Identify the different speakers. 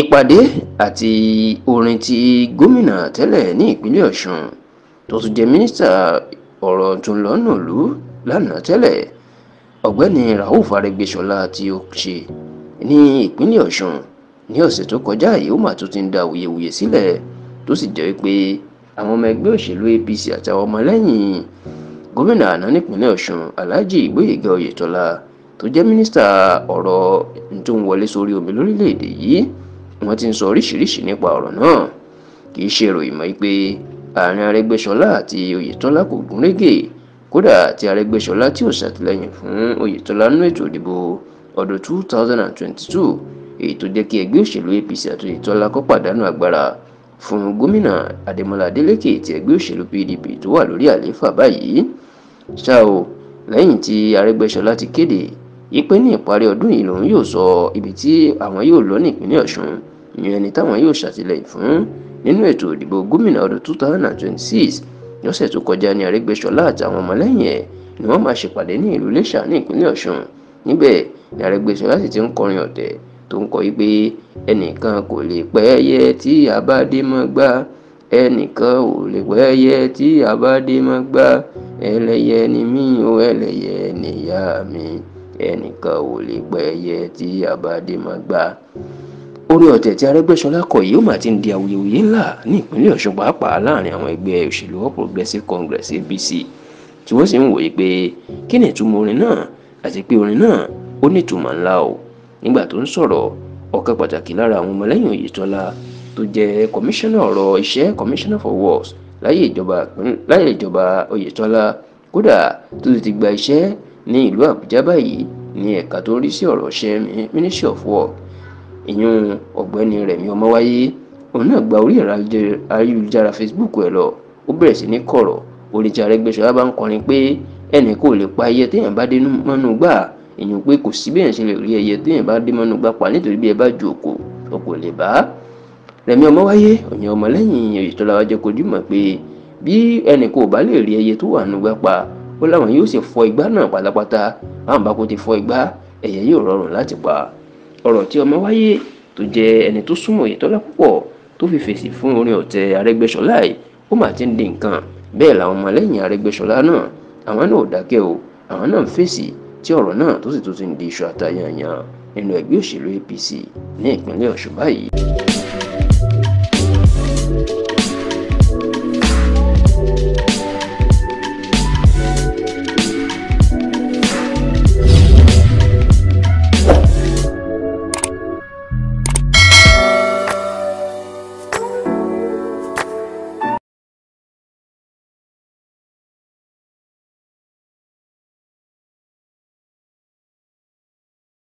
Speaker 1: ìpàdé àti orin tí gómìnà tẹ́lẹ̀ ní ìpínlẹ̀ ọ̀sùn tó tún jẹ́ mínísítà ọ̀rọ̀ ọ̀túnlọ́nàlù lánàá tẹ́lẹ̀ ọ̀gbẹ́ni rauf arẹgbẹ́sọlá tí ó ṣe ní ìpínlẹ̀ ọ̀sùn ní ọ̀sẹ̀ tó kọjá yìí ó mà tún ti ń da wuyewuye sílẹ̀ tó sì jẹ́ pé àwọn ọmọ ẹgbẹ́ òṣèlú apc àtàwọn ọmọlẹ́yìn gómìnà àná nípínlẹ̀ ọ̀sùn alhaji ìgbóyèga oyètọ́lá tó jẹ́ mínísítà ọ̀rọ̀ tó ń wọlé sórí omi lórílẹ̀‐èdè yìí wọ́n ti ń sọ oríṣiríṣi nípa ọ̀rọ̀ náà kì í ṣe ìròyìn mọ́ pé àárín Arẹ́gbẹ́ṣọlá àti Oyètọ́lá kò gún régé kódà tí Arẹ́gbẹ́ṣọlá tí ò ṣàtìlẹ́yìn fún Oyètọ́lá nínú ètò ìdìbò ọdún 2022 èyí tó jẹ́ kí ẹgbẹ́ òṣèlú APC àti Oyètọ́lá kó pàdánù agbára fún gómìnà Adémọ́lá Adélékè ti ẹgbẹ́ òṣèlú PDP tó wà lórí àlééfà báyìí ṣá o lẹ́yìn tí Arẹ́gbẹ́ṣọlá ti kéde ìpè ní ìparí ọdún yìí lòun yóò sọ ibi tí àwọn yóò lọ ní ìpínlẹ̀ ọ̀ṣun ìyẹn ẹni táwọn yóò ṣàtìlẹ́yìn fún nínú ètò ìdìbò gómìnà ọdún two thousand and twenty-six lọ́sẹ̀ tó kọjá ní àrẹ́gbẹ́ṣọlá àtàwọn ọmọlẹ́yìn ẹ̀ ni wọ́n máa ṣèpàdé ní ìlú iléṣà ní ìpínlẹ̀ ọ̀ṣun níbẹ̀ ni àrẹ́gbẹ́ṣọlá sì ti ń kọrin ọ̀tẹ̀ tó ń kọ yí pé ẹnìkan kò lè pẹ́ ẹyẹ tí a bá dé mọ́ gbá ẹnìkan ò lè pẹ́ ẹyẹ tí a bá dé mọ́ gbá ẹlẹ́yẹ ni mí o ẹlẹ́yẹ nìyá mi ẹnìkan ò lè pẹ́ ẹyẹ tí àbádé máa gbá orí ọ̀tẹ̀ tí Arẹ́gbẹ́ṣọlá kọ yìí ó mà ti ń di awuyewuye ńlá ní ìpínlẹ̀ Ọ̀ṣun pàápàá láàrin àwọn ẹgbẹ́ òṣèlú All Progressives Congress APC tí wọ́n sì ń wòye pé kí ni ìtumọ̀ orin náà àti pé orin náà ó ní ìtumọ̀ ńlá o nígbà tó ń sọ̀rọ̀ ọ̀kan pàtàkì lára àwọn ọmọlẹ́yìn Oyètọ́lá tó jẹ́ kọmíṣánná ọ̀rọ̀ iṣẹ́ commissioner for works láyé ìjọba Oyètọ́lá kódà tó ti gba iṣẹ́ ní ìlú àbújá báyìí ní ẹ̀ka tó rí sí ọ̀rọ̀ ṣẹ́mi ministry of work ìyún ọ̀gbẹ́ni rẹ̀mí ọmọwáyé òun náà gba orí ayélujára facebook ẹ̀ lọ ó bẹ̀rẹ̀ sí ní kọ̀rọ̀ oríṣi Arẹ́gbẹ́ṣọlá bá ń kọrin pé ẹnì kò lè pa ẹyẹ téèyàn bá dé mọ́nú gbà èèyàn pé kò sí bẹ́ẹ̀ ṣe lè rí ẹyẹ téèyàn bá dé mọ́nú gbà pa nítorí bí ẹ bá ju òkò òkò lè bá rẹ̀mí ọmọwáyé ọ̀yàn ọmọlẹ́yìn Oyètọ́lá wa jẹ́ kojú mọ̀ pé bí ẹnì kò bá lè rí ẹyẹ tó wà nù gbà pa ó láwọn yóò sì fọ igbá náà pátápátá àwọn bá kó ti fọ igbá ẹ̀yẹ yóò rọrùn láti pa ọ̀rọ̀ tí ọmọ wáyé tó jẹ́ ẹni tó súnmọ́ Oyètọ́lá púpọ̀ tó fi fèsì fún orin ọ̀tẹ̀ Arẹ́gbẹ́ṣọlá yìí ó mà ti ń di nǹkan bẹ́ẹ̀ làwọn ọmọlẹ́yìn Arẹ́gbẹ́ṣọlá náà àwọn náà ò dákẹ́ o àwọn náà ń fèsì tí ọ̀rọ̀ náà tó sì tún ti ń di iṣu àtàyànyàn nínú ẹgbẹ́ òṣèlú APC ní ìpínlẹ̀ Ọ̀ṣun báyìí.